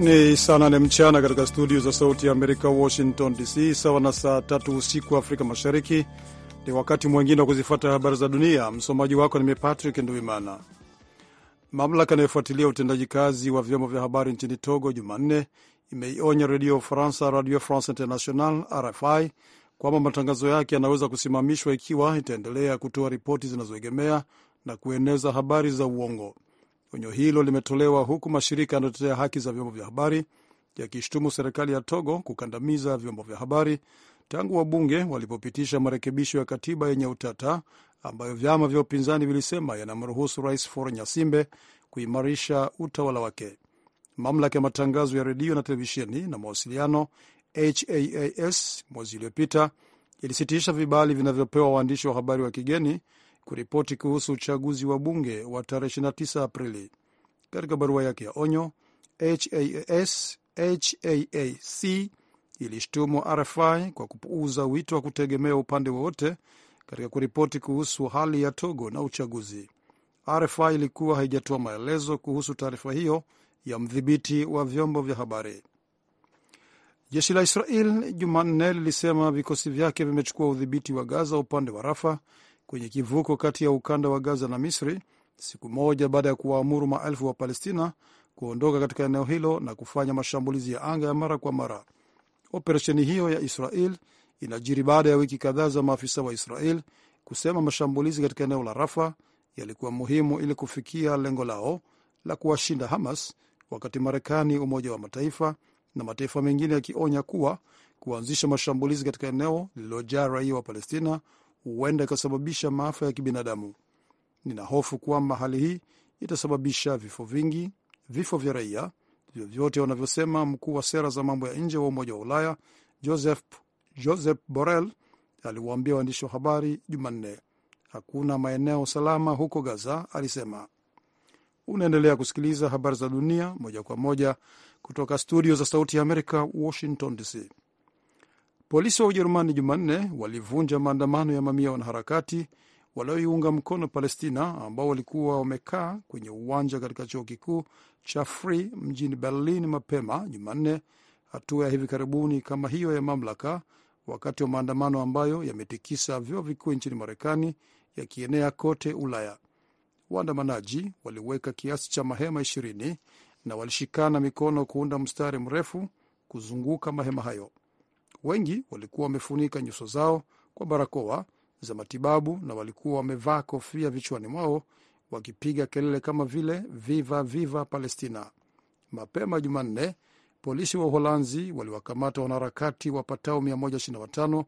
Ni saa nane mchana katika studio za Sauti ya Amerika, Washington DC, sawa na saa tatu usiku Afrika Mashariki. Ni wakati mwengine wa kuzifata habari za dunia. Msomaji wako ni mimi Patrick Nduimana. Mamlaka inayofuatilia utendaji kazi wa vyombo vya habari nchini Togo Jumanne imeionya redio Ufaransa, Radio France International RFI, kwamba matangazo yake yanaweza kusimamishwa ikiwa itaendelea kutoa ripoti zinazoegemea na kueneza habari za uongo. Onyo hilo limetolewa huku mashirika yanayotetea haki za vyombo vya habari yakishutumu serikali ya Togo kukandamiza vyombo vya habari tangu wabunge walipopitisha marekebisho ya katiba yenye utata ambayo vyama vya upinzani vilisema yanamruhusu Rais Faure Nyasimbe kuimarisha utawala wake. Mamlaka ya matangazo ya redio na televisheni na mawasiliano HAAS mwezi uliopita ilisitisha vibali vinavyopewa waandishi wa habari wa kigeni kuripoti kuhusu uchaguzi wa bunge wa tarehe 29 Aprili. Katika barua yake ya onyo, HAS, HAAC ilishtumu RFI kwa kupuuza wito wa kutegemea upande wowote katika kuripoti kuhusu hali ya Togo na uchaguzi. RFI ilikuwa haijatoa maelezo kuhusu taarifa hiyo ya mdhibiti wa vyombo vya habari. Jeshi la Israel Jumanne lilisema vikosi vyake vimechukua udhibiti wa Gaza upande wa Rafa kwenye kivuko kati ya ukanda wa Gaza na Misri, siku moja baada ya kuwaamuru maelfu wa Palestina kuondoka katika eneo hilo na kufanya mashambulizi ya anga ya mara kwa mara. Operesheni hiyo ya Israel inajiri baada ya wiki kadhaa za maafisa wa Israel kusema mashambulizi katika eneo la Rafa yalikuwa muhimu ili kufikia lengo lao la kuwashinda Hamas, wakati Marekani, Umoja wa Mataifa na mataifa mengine yakionya kuwa kuanzisha mashambulizi katika eneo lililojaa raia wa Palestina huenda ikasababisha maafa ya kibinadamu. Nina hofu kwamba hali hii itasababisha vifo vingi, vifo vya raia, vyovyote wanavyosema mkuu wa sera za mambo ya nje wa Umoja wa Ulaya Joseph, Joseph Borrell aliwaambia waandishi wa habari Jumanne. Hakuna maeneo salama huko Gaza, alisema. Unaendelea kusikiliza habari za dunia moja kwa moja kutoka studio za Sauti ya Amerika, Washington DC. Polisi wa Ujerumani Jumanne walivunja maandamano ya mamia wanaharakati walioiunga mkono Palestina ambao walikuwa wamekaa kwenye uwanja katika chuo kikuu cha Free mjini Berlin mapema Jumanne, hatua ya hivi karibuni kama hiyo ya mamlaka wakati wa maandamano ambayo yametikisa vyuo vikuu nchini Marekani yakienea kote Ulaya. Waandamanaji waliweka kiasi cha mahema ishirini na walishikana mikono kuunda mstari mrefu kuzunguka mahema hayo. Wengi walikuwa wamefunika nyuso zao kwa barakoa za matibabu na walikuwa wamevaa kofia vichwani mwao wakipiga kelele kama vile viva viva Palestina. Mapema Jumanne, polisi wa Uholanzi waliwakamata wanaharakati wapatao 125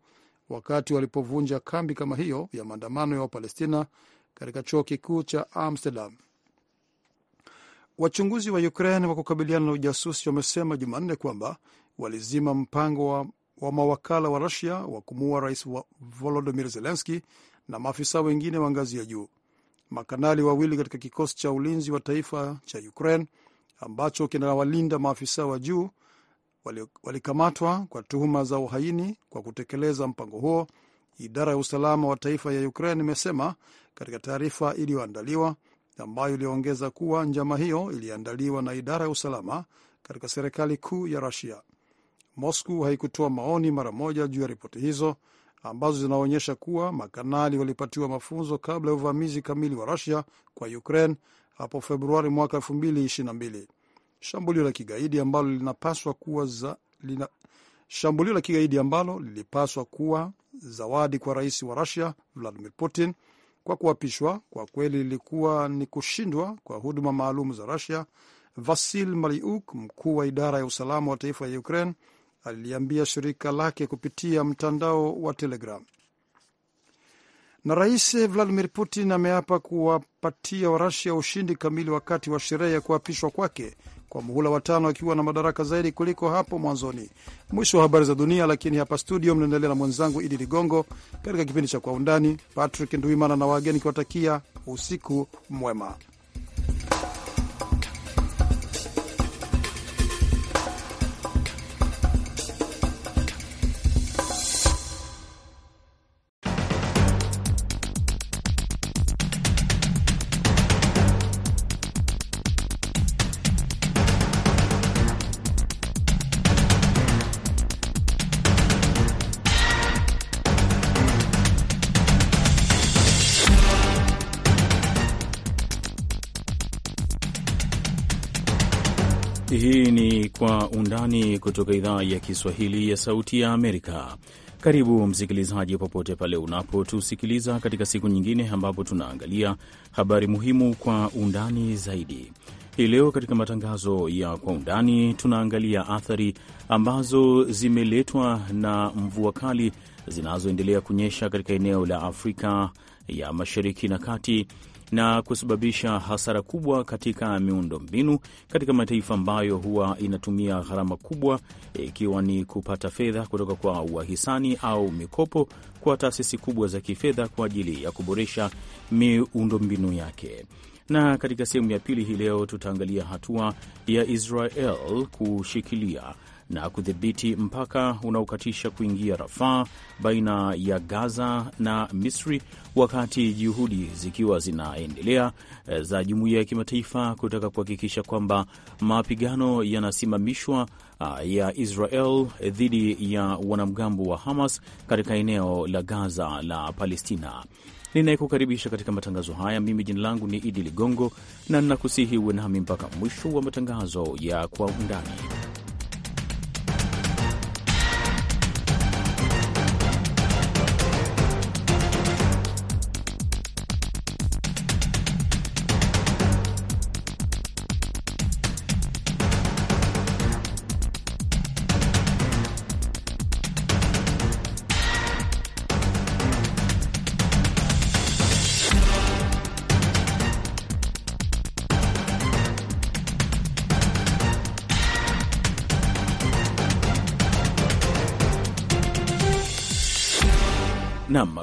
wakati walipovunja kambi kama hiyo ya maandamano ya Wapalestina katika chuo kikuu cha Amsterdam. Wachunguzi wa Ukraine wa kukabiliana na ujasusi wamesema Jumanne kwamba walizima mpango wa wa mawakala wa Rusia wa kumuua rais wa Volodymyr Zelenski na maafisa wengine wa ngazi ya juu. Makanali wawili katika kikosi cha ulinzi wa taifa cha Ukraine ambacho kinawalinda maafisa wa juu walikamatwa kwa tuhuma za uhaini kwa kutekeleza mpango huo, idara ya usalama wa taifa ya Ukraine imesema katika taarifa iliyoandaliwa ambayo iliongeza kuwa njama hiyo iliandaliwa na idara ya usalama katika serikali kuu ya Rusia. Moscow haikutoa maoni mara moja juu ya ripoti hizo ambazo zinaonyesha kuwa makanali walipatiwa mafunzo kabla ya uvamizi kamili wa Rusia kwa Ukraine hapo Februari mwaka 2022. Shambulio la kigaidi ambalo linapaswa kuwa za, lina, shambulio la kigaidi ambalo lilipaswa kuwa zawadi kwa rais wa Rusia Vladimir Putin kwa kuapishwa, kwa kweli lilikuwa ni kushindwa kwa huduma maalum za Rusia. Vasil Maliuk, mkuu wa idara ya usalama wa taifa ya Ukraine, aliliambia shirika lake kupitia mtandao wa Telegram. Na Rais Vladimir Putin ameapa kuwapatia Warusia ushindi kamili wakati wa sherehe ya kuapishwa kwake kwa muhula wa tano akiwa na madaraka zaidi kuliko hapo mwanzoni. Mwisho wa habari za dunia, lakini hapa studio mnaendelea na mwenzangu Idi Ligongo katika kipindi cha Kwa Undani. Patrick Ndwimana na wageni kiwatakia usiku mwema. Undani kutoka idhaa ya Kiswahili ya Sauti ya Amerika. Karibu msikilizaji, popote pale unapotusikiliza katika siku nyingine ambapo tunaangalia habari muhimu kwa undani zaidi. Hii leo katika matangazo ya kwa undani tunaangalia athari ambazo zimeletwa na mvua kali zinazoendelea kunyesha katika eneo la Afrika ya Mashariki na Kati na kusababisha hasara kubwa katika miundo mbinu katika mataifa ambayo huwa inatumia gharama kubwa, ikiwa ni kupata fedha kutoka kwa wahisani au mikopo kwa taasisi kubwa za kifedha kwa ajili ya kuboresha miundombinu yake. Na katika sehemu ya pili hii leo tutaangalia hatua ya Israel kushikilia na kudhibiti mpaka unaokatisha kuingia Rafaa baina ya Gaza na Misri, wakati juhudi zikiwa zinaendelea eh, za jumuiya ya kimataifa kutaka kuhakikisha kwamba mapigano yanasimamishwa eh, ya Israel dhidi ya wanamgambo wa Hamas katika eneo la Gaza la Palestina. Ninayekukaribisha katika matangazo haya mimi jina langu ni Idi Ligongo, na ninakusihi uwe nami mpaka mwisho wa matangazo ya Kwa Undani.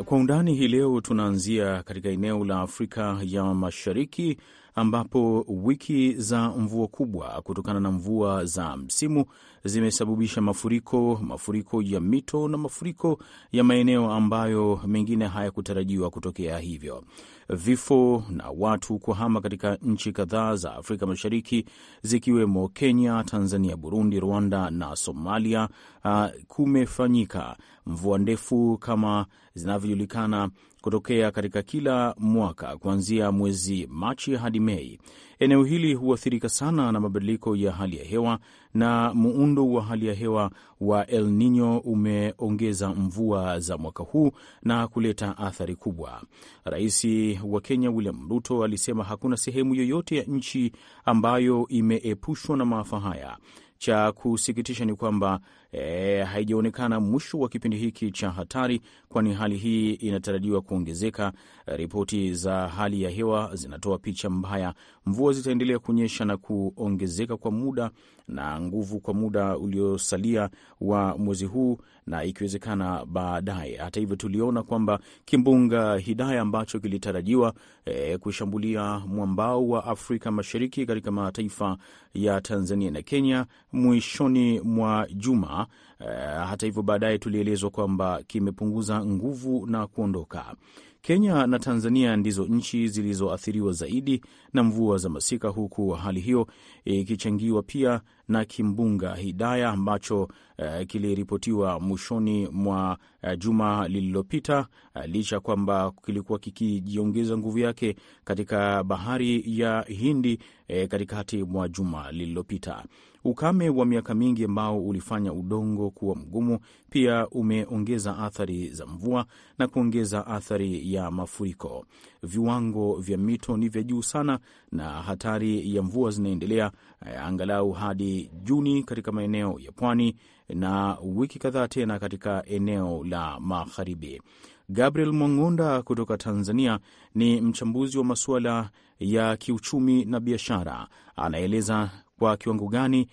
Kwa undani hii leo tunaanzia katika eneo la Afrika ya Mashariki ambapo wiki za mvua kubwa kutokana na mvua za msimu zimesababisha mafuriko, mafuriko ya mito na mafuriko ya maeneo ambayo mengine hayakutarajiwa kutokea, hivyo vifo na watu kuhama katika nchi kadhaa za Afrika Mashariki zikiwemo Kenya, Tanzania, Burundi, Rwanda na Somalia. Uh, kumefanyika mvua ndefu kama zinavyojulikana kutokea katika kila mwaka kuanzia mwezi Machi hadi Mei. Eneo hili huathirika sana na mabadiliko ya hali ya hewa, na muundo wa hali ya hewa wa El Nino umeongeza mvua za mwaka huu na kuleta athari kubwa. Rais wa Kenya William Ruto alisema hakuna sehemu yoyote ya nchi ambayo imeepushwa na maafa haya. Cha kusikitisha ni kwamba e, haijaonekana mwisho wa kipindi hiki cha hatari, kwani hali hii inatarajiwa kuongezeka. Ripoti za hali ya hewa zinatoa picha mbaya. Mvua zitaendelea kunyesha na kuongezeka kwa muda na nguvu kwa muda uliosalia wa mwezi huu na ikiwezekana baadaye. Hata hivyo, tuliona kwamba kimbunga Hidaya ambacho kilitarajiwa e, kushambulia mwambao wa Afrika Mashariki katika mataifa ya Tanzania na Kenya mwishoni mwa juma Uh, hata hivyo baadaye tulielezwa kwamba kimepunguza nguvu na kuondoka. Kenya na Tanzania ndizo nchi zilizoathiriwa zaidi na mvua za masika, huku hali hiyo ikichangiwa e, pia na kimbunga Hidaya ambacho e, kiliripotiwa mwishoni mwa e, juma lililopita, e, licha kwamba kilikuwa kikijiongeza nguvu yake katika bahari ya Hindi e, katikati mwa juma lililopita. Ukame wa miaka mingi ambao ulifanya udongo kuwa mgumu pia umeongeza athari za mvua na kuongeza athari ya mafuriko. Viwango vya mito ni vya juu sana na hatari ya mvua zinaendelea eh, angalau hadi Juni katika maeneo ya pwani na wiki kadhaa tena katika eneo la magharibi. Gabriel Mwang'onda kutoka Tanzania ni mchambuzi wa masuala ya kiuchumi na biashara, anaeleza kwa kiwango gani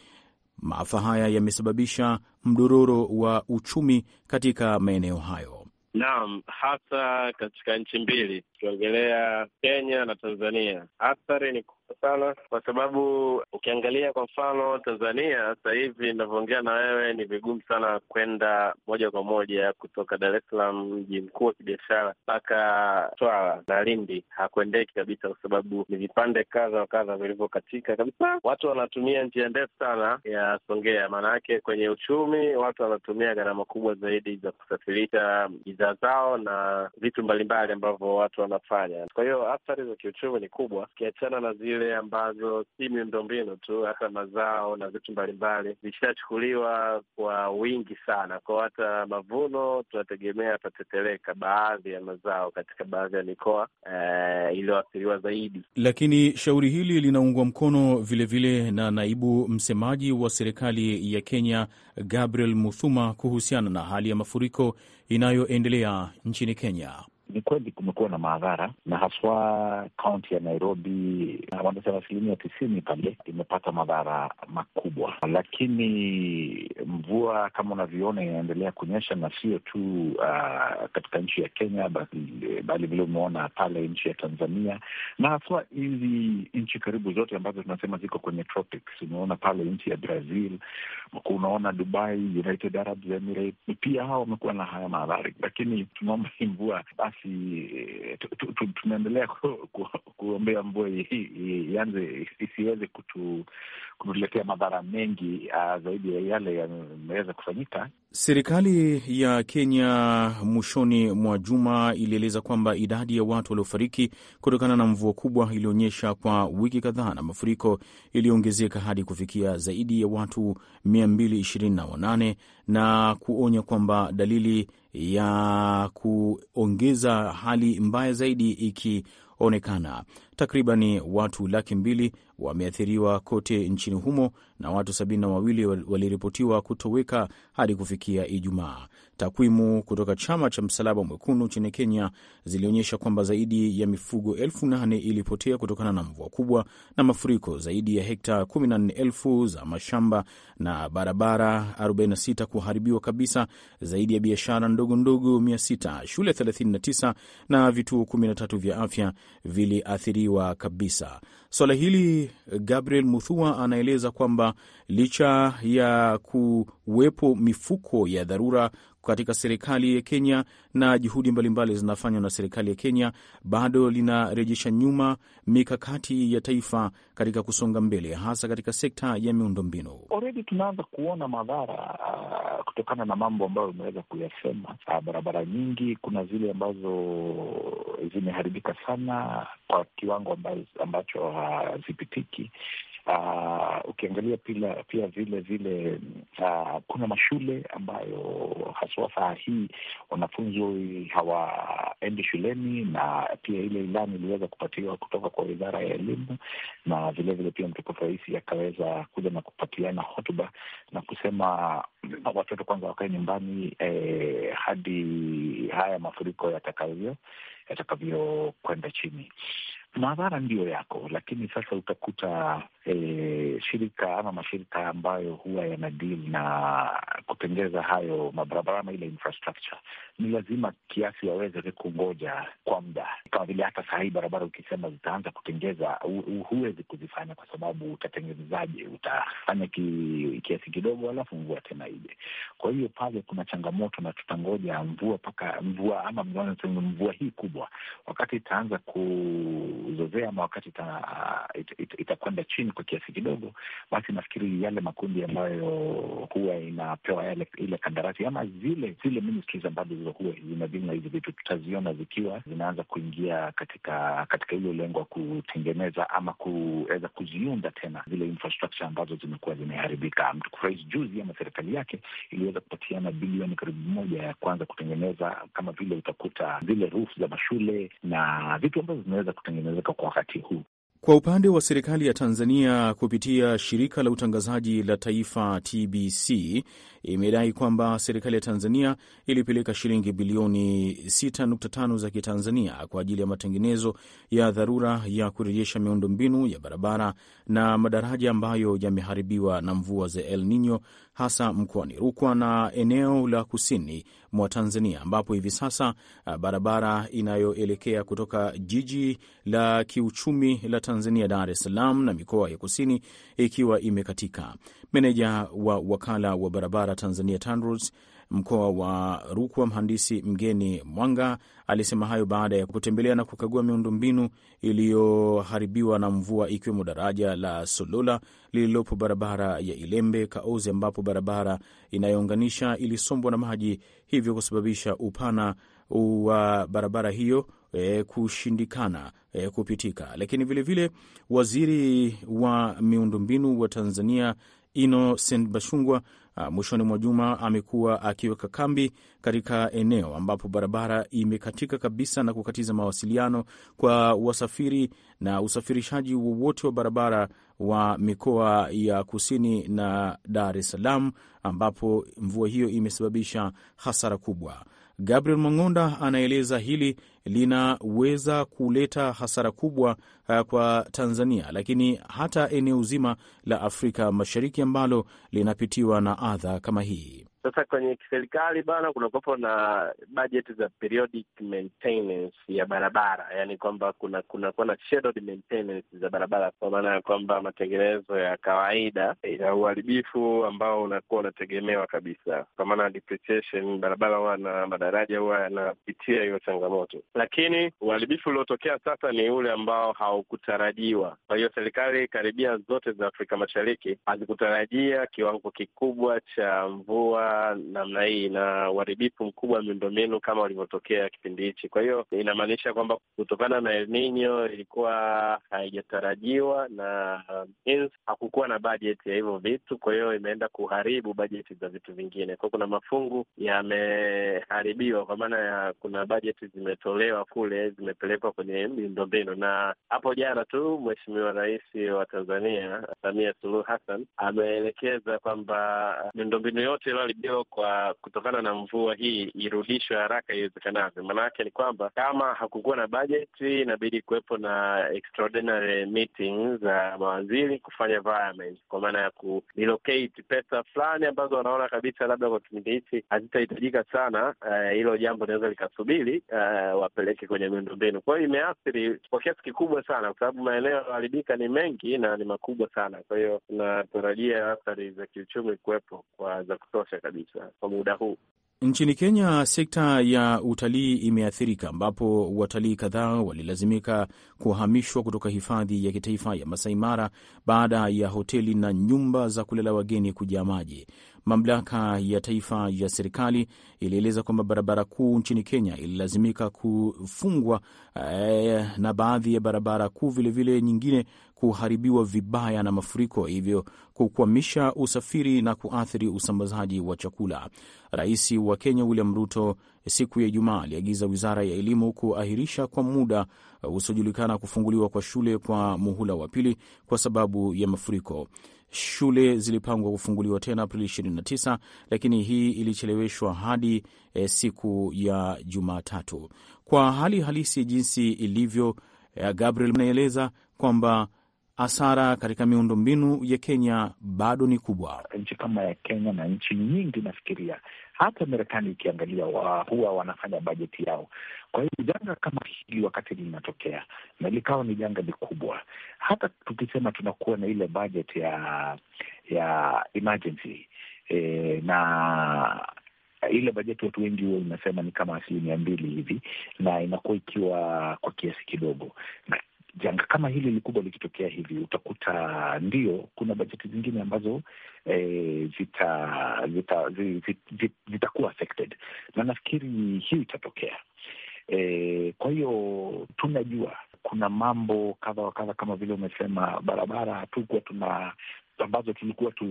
maafa haya yamesababisha mdororo wa uchumi katika maeneo hayo? Naam, hasa katika nchi mbili, tukiongelea Kenya na Tanzania, athari ni sana, kwa sababu ukiangalia kwa mfano Tanzania sasa hivi inavyoongea na wewe, ni vigumu sana kwenda moja kwa moja kutoka Dar es Salaam, mji mkuu wa kibiashara, mpaka Mtwara na Lindi, hakuendeki kabisa, kwa sababu ni vipande kadha wa kadha vilivyokatika kabisa. Watu wanatumia njia ndefu sana ya Songea, maana yake kwenye uchumi watu wanatumia gharama kubwa zaidi za kusafirisha bidhaa zao na vitu mbalimbali ambavyo watu wanafanya. Kwa hiyo athari za kiuchumi ni kubwa, ukiachana na zile vile ambazo si miundombinu tu, hasa mazao na vitu mbalimbali vishachukuliwa kwa wingi sana, kwao hata mavuno tunategemea yatateteleka baadhi ya mazao katika baadhi ya mikoa eh, iliyoathiriwa zaidi. Lakini shauri hili linaungwa mkono vilevile vile na naibu msemaji wa serikali ya Kenya Gabriel Muthuma kuhusiana na hali ya mafuriko inayoendelea nchini Kenya. Ni kweli kumekuwa na madhara, na haswa kaunti ya Nairobi, wanasema asilimia tisini pale imepata madhara makubwa, lakini mvua kama unavyoona inaendelea kunyesha, na sio tu uh, katika nchi ya Kenya bali vile umeona pale nchi ya Tanzania, na haswa hizi nchi karibu zote ambazo tunasema ziko kwenye tropics. Umeona pale nchi ya Brazil, unaona Dubai, United Arab Emirates, pia hao wamekuwa na haya maadhari lakini tunaomba mvua basi eh, tunaendelea kuombea mvua ianze isiweze kutuletea madhara mengi ah, zaidi ya yale yameweza kufanyika. Serikali ya Kenya mwishoni mwa juma ilieleza kwamba idadi ya watu waliofariki kutokana na mvua kubwa ilionyesha kwa wiki kadhaa na mafuriko iliyoongezeka hadi kufikia zaidi ya watu 228 na kuonya kwamba dalili ya kuongeza hali mbaya zaidi ikionekana Takribani watu laki mbili wameathiriwa kote nchini humo na watu sabini na wawili waliripotiwa kutoweka hadi kufikia Ijumaa. Takwimu kutoka chama cha Msalaba Mwekundu nchini Kenya zilionyesha kwamba zaidi ya mifugo elfu nane ilipotea kutokana na mvua kubwa na mafuriko, zaidi ya hekta 14,000 za mashamba na barabara 46 kuharibiwa kabisa, zaidi ya biashara ndogo ndogo 600, shule 39 na vituo 13 vya afya viliathiriwa kuzuiwa kabisa. Swala hili Gabriel Muthua anaeleza kwamba licha ya kuwepo mifuko ya dharura katika serikali ya Kenya na juhudi mbalimbali zinafanywa na serikali ya Kenya, bado linarejesha nyuma mikakati ya taifa katika kusonga mbele, hasa katika sekta ya miundombinu. Already tunaanza kuona madhara uh, kutokana na mambo ambayo umeweza kuyasema. Uh, barabara nyingi, kuna zile ambazo zimeharibika sana kwa kiwango ambacho ah, hazipitiki uh, Uh, ukiangalia pia, pia vile vile uh, kuna mashule ambayo haswa saa hii wanafunzi hawaendi shuleni, na pia ile ilani iliweza kupatiwa kutoka kwa wizara ya elimu, na vilevile vile pia mtukufu rais akaweza kuja na kupatiana hotuba na kusema watoto kwanza wakae nyumbani eh, hadi haya mafuriko yatakavyo yatakavyokwenda chini madhara ndiyo yako, lakini sasa utakuta e, shirika ama mashirika ambayo huwa yana deal na kutengeza hayo mabarabara ama ile infrastructure, ni lazima kiasi waweze kungoja kwa muda. Kama vile hata saa hii barabara ukisema zitaanza kutengeza, huwezi kuzifanya kwa sababu utatengenezaje? Utafanya ki, kiasi kidogo, alafu mvua tena ije. Kwa hiyo pale kuna changamoto, na tutangoja mvua mpaka mvua ama mvua hii kubwa, wakati itaanza ku kuzozea ama wakati itakwenda uh, ita, ita chini kwa kiasi kidogo, basi nafikiri yale makundi ambayo huwa inapewa yale, ile kandarasi ama zile zile ministries ambazo huwa zinadili na hizi vitu tutaziona zikiwa zinaanza kuingia katika katika hilo lengo kutengeneza ama kuweza kuziunda tena zile infrastructure ambazo zimekuwa zimeharibika. Mtukurais juzi ama serikali yake iliweza kupatiana bilioni karibu moja ya kwanza kutengeneza kama vile utakuta zile roof za mashule na vitu ambavyo zimeweza kutengeneza yanayoongezeka kwa wakati huu. Kwa upande wa serikali ya Tanzania kupitia shirika la utangazaji la taifa TBC imedai kwamba serikali ya Tanzania ilipeleka shilingi bilioni 6.5 za Kitanzania kwa ajili ya matengenezo ya dharura ya kurejesha miundombinu ya barabara na madaraja ambayo yameharibiwa na mvua za El Nino, hasa mkoani Rukwa na eneo la kusini mwa Tanzania, ambapo hivi sasa uh, barabara inayoelekea kutoka jiji la kiuchumi la Tanzania, Dar es Salaam, na mikoa ya kusini ikiwa imekatika. Meneja wa wakala wa barabara Tanzania TANROADS mkoa wa Rukwa, mhandisi Mgeni Mwanga alisema hayo baada ya kutembelea na kukagua miundombinu iliyoharibiwa na mvua ikiwemo daraja la Solola lililopo barabara ya Ilembe Kaozi, ambapo barabara inayounganisha ilisombwa na maji, hivyo kusababisha upana wa barabara hiyo e, kushindikana e, kupitika. Lakini vilevile vile, waziri wa miundombinu wa Tanzania Innocent Bashungwa ah, mwishoni mwa juma amekuwa akiweka kambi katika eneo ambapo barabara imekatika kabisa na kukatiza mawasiliano kwa wasafiri na usafirishaji wowote wa barabara wa mikoa ya Kusini na Dar es Salaam ambapo mvua hiyo imesababisha hasara kubwa. Gabriel Mang'onda anaeleza hili linaweza kuleta hasara kubwa uh, kwa Tanzania, lakini hata eneo zima la Afrika Mashariki ambalo linapitiwa na adha kama hii. Sasa kwenye kiserikali bana, kunakuwepo na bajeti za periodic maintenance ya barabara, yaani kwamba kuna kunakuwa na scheduled maintenance za barabara, kwa maana ya kwamba matengenezo ya kawaida ya uharibifu ambao unakuwa unategemewa kabisa, kwa maana depreciation. Barabara huwa na madaraja huwa yanapitia hiyo changamoto, lakini uharibifu uliotokea sasa ni ule ambao haukutarajiwa. Kwa hiyo serikali karibia zote za Afrika Mashariki hazikutarajia kiwango kikubwa cha mvua namna hii na uharibifu mkubwa wa miundombinu kama ulivyotokea kipindi hichi. Kwa hiyo inamaanisha kwamba kutokana na El Nino ilikuwa haijatarajiwa na uh, hakukuwa na bajeti ya hivyo vitu, kwa hiyo imeenda kuharibu bajeti za vitu vingine. Kwa kuna mafungu yameharibiwa, kwa maana ya kuna bajeti zimetolewa kule zimepelekwa kwenye miundombinu. Na hapo jana tu Mheshimiwa Rais wa Tanzania Samia Suluhu Hassan ameelekeza kwamba miundombinu yote hiyo kwa kutokana na mvua hii irudishwe haraka iwezekanavyo. Maanake ni kwamba kama hakukuwa na bajeti, inabidi kuwepo na extraordinary za mawaziri kufanya kwa maana ya kurelocate pesa fulani ambazo wanaona kabisa labda kwa kipindi hichi hazitahitajika sana. Eh, hilo uh, jambo linaweza likasubiri uh, wapeleke kwenye miundombinu. Kwa hiyo imeathiri kwa kiasi kikubwa sana, kwa sababu maeneo yaliyoharibika ni mengi na ni makubwa sana. Kwa hiyo tunatarajia athari za kiuchumi kuwepo kwa za kutosha kabisa kabisa kwa muda huu. Nchini Kenya, sekta ya utalii imeathirika, ambapo watalii kadhaa walilazimika kuhamishwa kutoka hifadhi ya kitaifa ya Masai Mara baada ya hoteli na nyumba za kulala wageni kujaa maji. Mamlaka ya taifa ya serikali ilieleza kwamba barabara kuu nchini Kenya ililazimika kufungwa eh, na baadhi ya barabara kuu vilevile nyingine kuharibiwa vibaya na mafuriko, hivyo kukwamisha usafiri na kuathiri usambazaji wa chakula. Rais wa Kenya William Ruto siku ya Ijumaa aliagiza wizara ya elimu kuahirisha kwa muda usiojulikana kufunguliwa kwa shule kwa muhula wa pili kwa sababu ya mafuriko. Shule zilipangwa kufunguliwa tena Aprili 29 lakini hii ilicheleweshwa hadi e, siku ya Jumatatu. Kwa hali halisi jinsi ilivyo, e, Gabriel anaeleza kwamba hasara katika miundo mbinu ya Kenya bado ni kubwa. Nchi kama ya Kenya na nchi nyingi nafikiria hata Marekani ikiangalia wa, huwa wanafanya bajeti yao. Kwa hiyo janga kama hili wakati linatokea na likawa ni janga likubwa, hata tukisema tunakuwa na ile bajeti ya ya emergency e, na ile bajeti watu wengi huwa inasema ni kama asilimia mbili hivi, na inakuwa ikiwa kwa kiasi kidogo, na janga kama hili likubwa likitokea hivi, utakuta ndio kuna bajeti zingine ambazo e, eh, zitakuwa zita, zita, zita, zita affected na nafikiri hii itatokea. E, kwa hiyo tunajua kuna mambo kadha wa kadha kama vile umesema, barabara hatukuwa tuna ambazo tulikuwa tu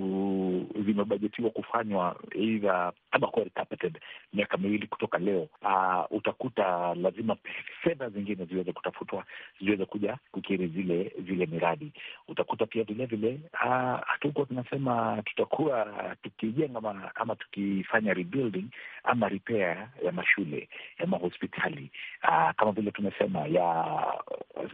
zimebajetiwa kufanywa eidha ama kuwa carpeted miaka miwili kutoka leo, uh, utakuta lazima fedha zingine ziweze kutafutwa ziweze kuja kukiri zile zile miradi. Utakuta pia vilevile uh, hatukuwa uh, tunasema tutakuwa tukijenga ama, ama tukifanya rebuilding ama repair ya mashule ya mahospitali uh, kama vile tumesema ya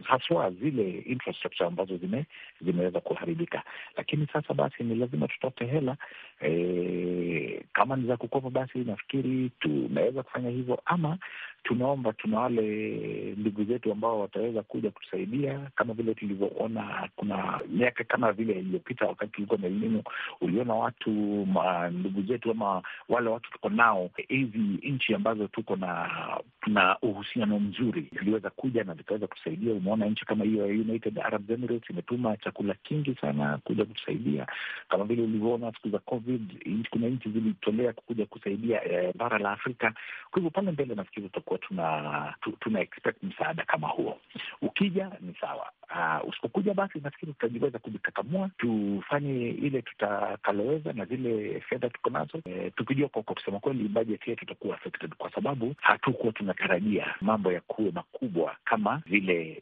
haswa zile infrastructure ambazo zime, zimeweza kuharibika lakini lakini sasa basi ni lazima tutafute hela e, kama ni za kukopa, basi nafikiri tunaweza kufanya hivyo, ama tunaomba, tuna wale ndugu zetu ambao wataweza kuja kutusaidia, kama vile tulivyoona kuna miaka kama vile iliyopita, wakati tulikuwa na elimu, uliona watu ndugu zetu ama wale watu tuko nao hizi e, nchi ambazo tuko na na uhusiano mzuri ziliweza kuja na zikaweza kutusaidia. Umeona nchi kama hiyo ya United Arab Emirates imetuma chakula kingi sana kuja kutusaidia kusaidia, kama vile ulivyoona siku za COVID, kuna nchi zilitolea kuja kusaidia eh, bara la Afrika. Kwa hivyo pale mbele nafikiri tutakuwa tuna, tuna expect msaada kama huo. Ukija ni sawa, Uh, usipokuja basi, nafikiri tutajiweza kujikakamua, tufanye ile tutakaloweza na zile fedha tuko nazo, e, tukijua kwa kusema kweli bajeti yetu itakuwa affected kwa sababu hatukuwa tunatarajia mambo ya kuwe makubwa kama vile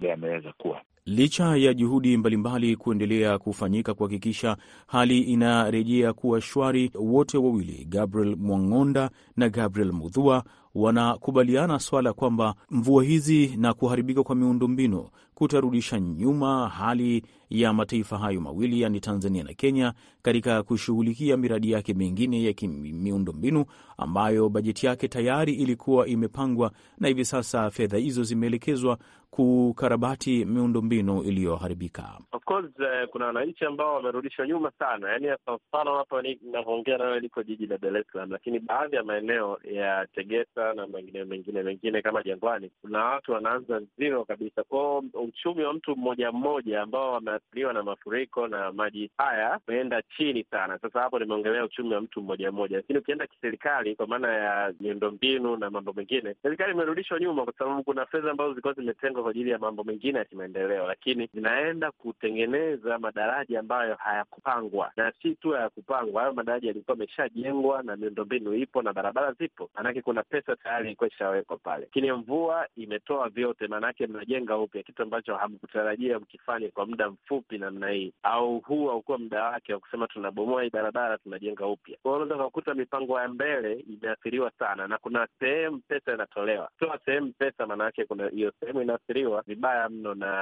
yameweza ya kuwa licha ya juhudi mbalimbali kuendelea kufanyika kuhakikisha hali inarejea kuwa shwari, wote wawili Gabriel Mwang'onda na Gabriel Mudhua wanakubaliana swala kwamba mvua hizi na kuharibika kwa miundombinu kutarudisha nyuma hali ya mataifa hayo mawili yaani Tanzania na Kenya katika kushughulikia miradi yake mingine ya kimiundombinu ambayo bajeti yake tayari ilikuwa imepangwa na hivi sasa fedha hizo zimeelekezwa kukarabati miundombinu iliyoharibika. Of course uh, kuna wananchi ambao wamerudishwa nyuma sana, Yani kwa mfano hapa ninavyoongea liko jiji la Dar es Salaam, lakini baadhi ya maeneo ya Tegeta na maeneo mengine mengine kama Jangwani, kuna watu wanaanza zero kabisa kwao. Uchumi wa mtu mmoja mmoja ambao wame yanaathiriwa na mafuriko na maji haya umeenda chini sana. Sasa hapo nimeongelea uchumi wa mtu mmoja mmoja, lakini ukienda kiserikali, kwa maana ya miundombinu na mambo mengine, serikali imerudishwa nyuma, kwa sababu kuna fedha ambazo zilikuwa zimetengwa kwa ajili ya mambo mengine ya kimaendeleo, lakini zinaenda kutengeneza madaraja ambayo hayakupangwa, na si tu hayakupangwa, hayo madaraja yalikuwa ameshajengwa na miundombinu ipo na barabara zipo, maanake kuna pesa tayari ilikuwa ishawekwa pale, lakini mvua imetoa vyote, maanake mnajenga upya kitu ambacho hamkutarajia mkifanye kwa muda mfupi namna hii, au huu haukuwa muda wake wa kusema tunabomoa hii barabara tunajenga upya. Kwa hiyo unaweza ukakuta mipango ya mbele imeathiriwa sana, na kuna sehemu pesa inatolewa. Toa sehemu pesa, maana yake kuna hiyo sehemu inaathiriwa vibaya mno na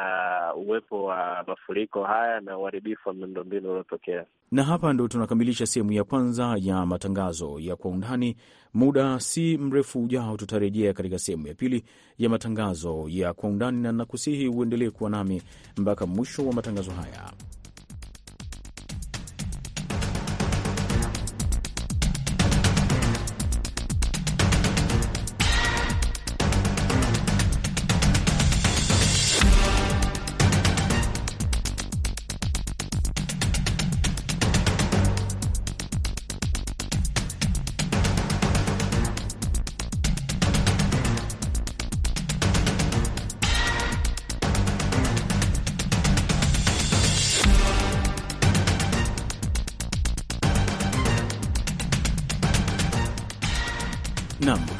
uwepo wa mafuriko haya na uharibifu wa miundombinu uliotokea. Na hapa ndo tunakamilisha sehemu ya kwanza ya matangazo ya kwa undani. Muda si mrefu ujao tutarejea katika sehemu ya pili ya matangazo ya kwa undani, na nakusihi uendelee kuwa nami mpaka mwisho wa matangazo haya.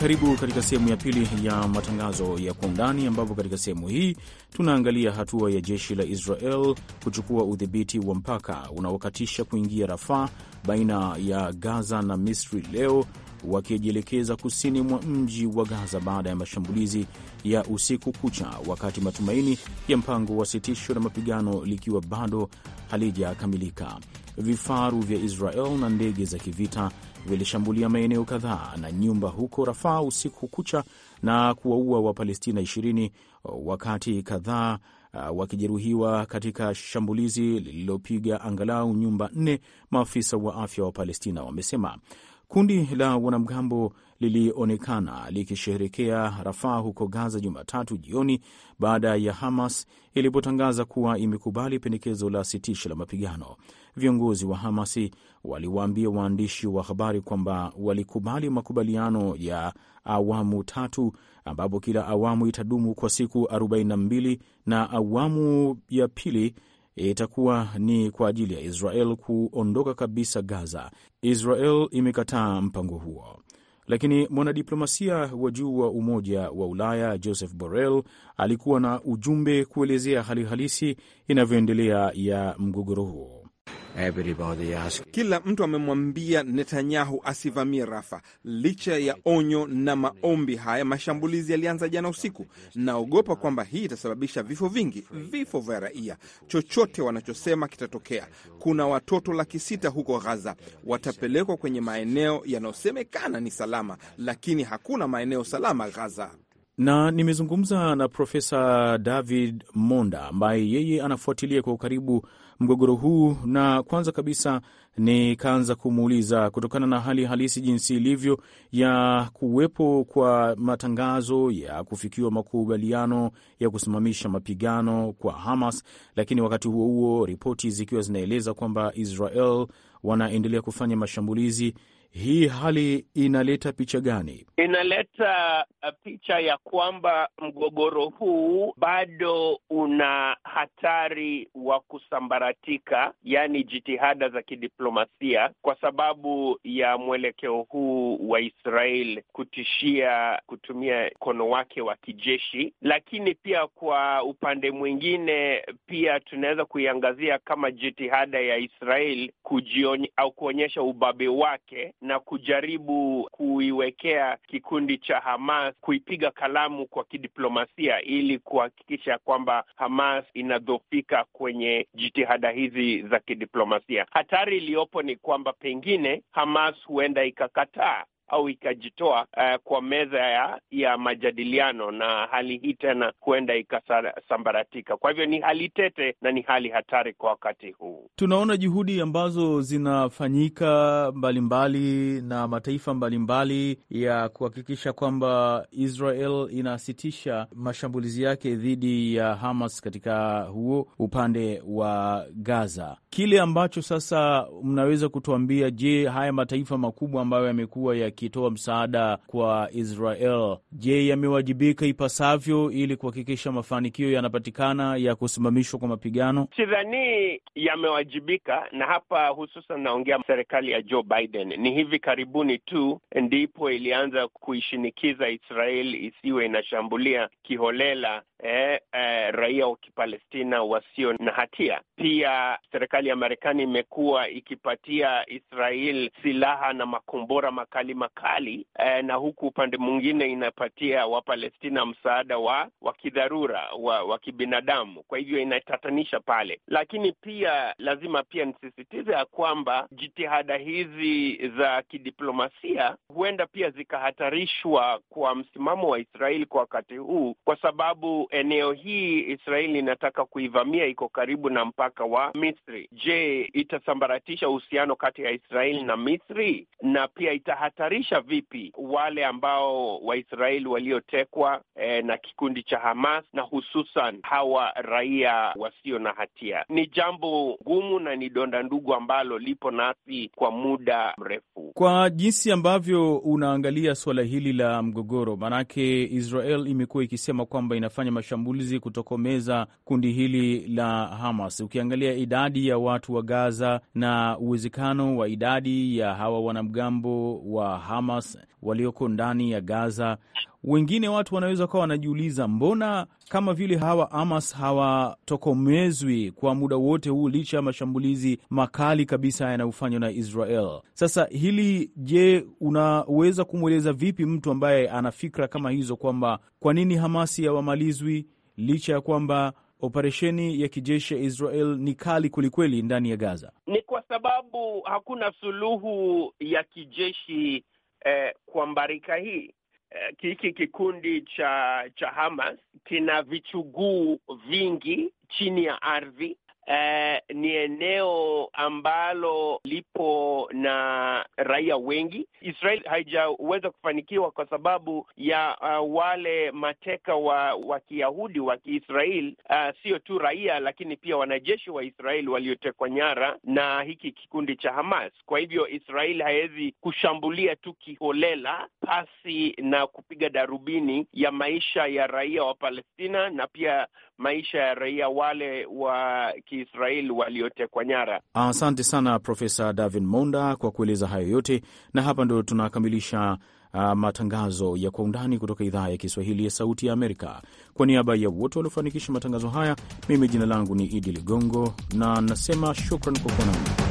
Karibu katika sehemu ya pili ya matangazo ya kwa undani, ambapo katika sehemu hii tunaangalia hatua ya jeshi la Israel kuchukua udhibiti wa mpaka unaokatisha kuingia Rafaa baina ya Gaza na Misri leo wakijielekeza kusini mwa mji wa Gaza baada ya mashambulizi ya usiku kucha, wakati matumaini ya mpango wa sitisho la mapigano likiwa bado halijakamilika. Vifaru vya Israel na ndege za kivita vilishambulia maeneo kadhaa na nyumba huko Rafaa usiku kucha na kuwaua Wapalestina 20 wakati kadhaa uh, wakijeruhiwa katika shambulizi lililopiga angalau nyumba nne, maafisa wa afya wa Palestina wamesema. Kundi la wanamgambo lilionekana likisherekea Rafaa huko Gaza Jumatatu jioni baada ya Hamas ilipotangaza kuwa imekubali pendekezo la sitisho la mapigano. Viongozi wa Hamasi waliwaambia waandishi wa habari kwamba walikubali makubaliano ya awamu tatu, ambapo kila awamu itadumu kwa siku 42 na awamu ya pili itakuwa ni kwa ajili ya Israel kuondoka kabisa Gaza. Israel imekataa mpango huo, lakini mwanadiplomasia wa juu wa Umoja wa Ulaya Joseph Borrell alikuwa na ujumbe kuelezea hali halisi inavyoendelea ya mgogoro huo. Kila mtu amemwambia Netanyahu asivamie Rafa. Licha ya onyo na maombi haya, mashambulizi yalianza jana usiku. Naogopa kwamba hii itasababisha vifo vingi, vifo vya raia. Chochote wanachosema kitatokea. Kuna watoto laki sita huko ghaza watapelekwa kwenye maeneo yanayosemekana ni salama, lakini hakuna maeneo salama ghaza na nimezungumza na Profesa David Monda ambaye yeye anafuatilia kwa ukaribu mgogoro huu, na kwanza kabisa nikaanza kumuuliza kutokana na hali halisi jinsi ilivyo ya kuwepo kwa matangazo ya kufikiwa makubaliano ya kusimamisha mapigano kwa Hamas, lakini wakati huo huo ripoti zikiwa zinaeleza kwamba Israel wanaendelea kufanya mashambulizi hii hali inaleta picha gani? Inaleta uh, picha ya kwamba mgogoro huu bado una hatari wa kusambaratika, yaani jitihada za kidiplomasia, kwa sababu ya mwelekeo huu wa Israel kutishia kutumia mkono wake wa kijeshi. Lakini pia kwa upande mwingine, pia tunaweza kuiangazia kama jitihada ya Israel kujion, au kuonyesha ubabe wake na kujaribu kuiwekea kikundi cha Hamas, kuipiga kalamu kwa kidiplomasia, ili kuhakikisha kwamba Hamas inadhofika kwenye jitihada hizi za kidiplomasia. Hatari iliyopo ni kwamba pengine Hamas huenda ikakataa au ikajitoa uh, kwa meza ya, ya majadiliano, na hali hii tena huenda ikasambaratika. Kwa hivyo ni hali tete na ni hali hatari kwa wakati huu. Tunaona juhudi ambazo zinafanyika mbalimbali mbali, na mataifa mbalimbali mbali, ya kuhakikisha kwamba Israel inasitisha mashambulizi yake dhidi ya Hamas katika huo upande wa Gaza. Kile ambacho sasa mnaweza kutuambia, je, haya mataifa makubwa ambayo yamekuwa yaki ikitoa msaada kwa Israel, je, yamewajibika ipasavyo ili kuhakikisha mafanikio yanapatikana ya kusimamishwa kwa mapigano? Sidhani yamewajibika, na hapa hususan naongea serikali ya Joe Biden. Ni hivi karibuni tu ndipo ilianza kuishinikiza Israel isiwe inashambulia kiholela eh, eh, raia wa Kipalestina wasio na hatia. Pia serikali ya Marekani imekuwa ikipatia Israel silaha na makombora makali makali eh, na huku upande mwingine inapatia Wapalestina msaada wa wa kidharura wa, wa kibinadamu. Kwa hivyo inatatanisha pale, lakini pia lazima pia nisisitize ya kwamba jitihada hizi za kidiplomasia huenda pia zikahatarishwa kwa msimamo wa Israeli kwa wakati huu, kwa sababu eneo hii Israeli inataka kuivamia, iko karibu na mpaka wa Misri. Je, itasambaratisha uhusiano kati ya Israeli na Misri na pia itahatarisha kuimarisha vipi wale ambao Waisraeli waliotekwa e, na kikundi cha Hamas na hususan hawa raia wasio na hatia. Ni jambo gumu na ni donda ndugu ambalo lipo nasi kwa muda mrefu. Kwa jinsi ambavyo unaangalia suala hili la mgogoro, maanake Israel imekuwa ikisema kwamba inafanya mashambulizi kutokomeza kundi hili la Hamas. Ukiangalia idadi ya watu wa Gaza na uwezekano wa idadi ya hawa wanamgambo wa Hamas walioko ndani ya Gaza. Wengine watu wanaweza kuwa wanajiuliza mbona kama vile hawa Hamas hawatokomezwi kwa muda wote huu licha ya mashambulizi makali kabisa yanayofanywa na Israel. Sasa hili, je, unaweza kumweleza vipi mtu ambaye ana fikra kama hizo kwamba kwa nini Hamasi hawamalizwi licha ya kwamba operesheni ya kijeshi ya Israel ni kali kwelikweli ndani ya Gaza? Ni kwa sababu hakuna suluhu ya kijeshi eh, kwa mbarika hii eh, hiki kikundi cha cha Hamas kina vichuguu vingi chini ya ardhi eh, ni eneo ambalo lipo na raia wengi. Israel haijaweza kufanikiwa kwa sababu ya uh, wale mateka wa wa Kiyahudi wa Kiisrael, uh, sio tu raia, lakini pia wanajeshi wa Israel waliotekwa nyara na hiki kikundi cha Hamas. Kwa hivyo Israel haiwezi kushambulia tu kiholela pasi na kupiga darubini ya maisha ya raia wa Palestina na pia maisha ya raia wale wa Kiisraeli waliotekwa nyara. Asante sana Profesa davi Monda kwa kueleza hayo yote, na hapa ndo tunakamilisha uh, matangazo ya Kwa Undani kutoka idhaa ya Kiswahili ya Sauti ya Amerika. Kwa niaba ya wote waliofanikisha matangazo haya, mimi jina langu ni Idi Ligongo na nasema shukran kwa kuwa nami.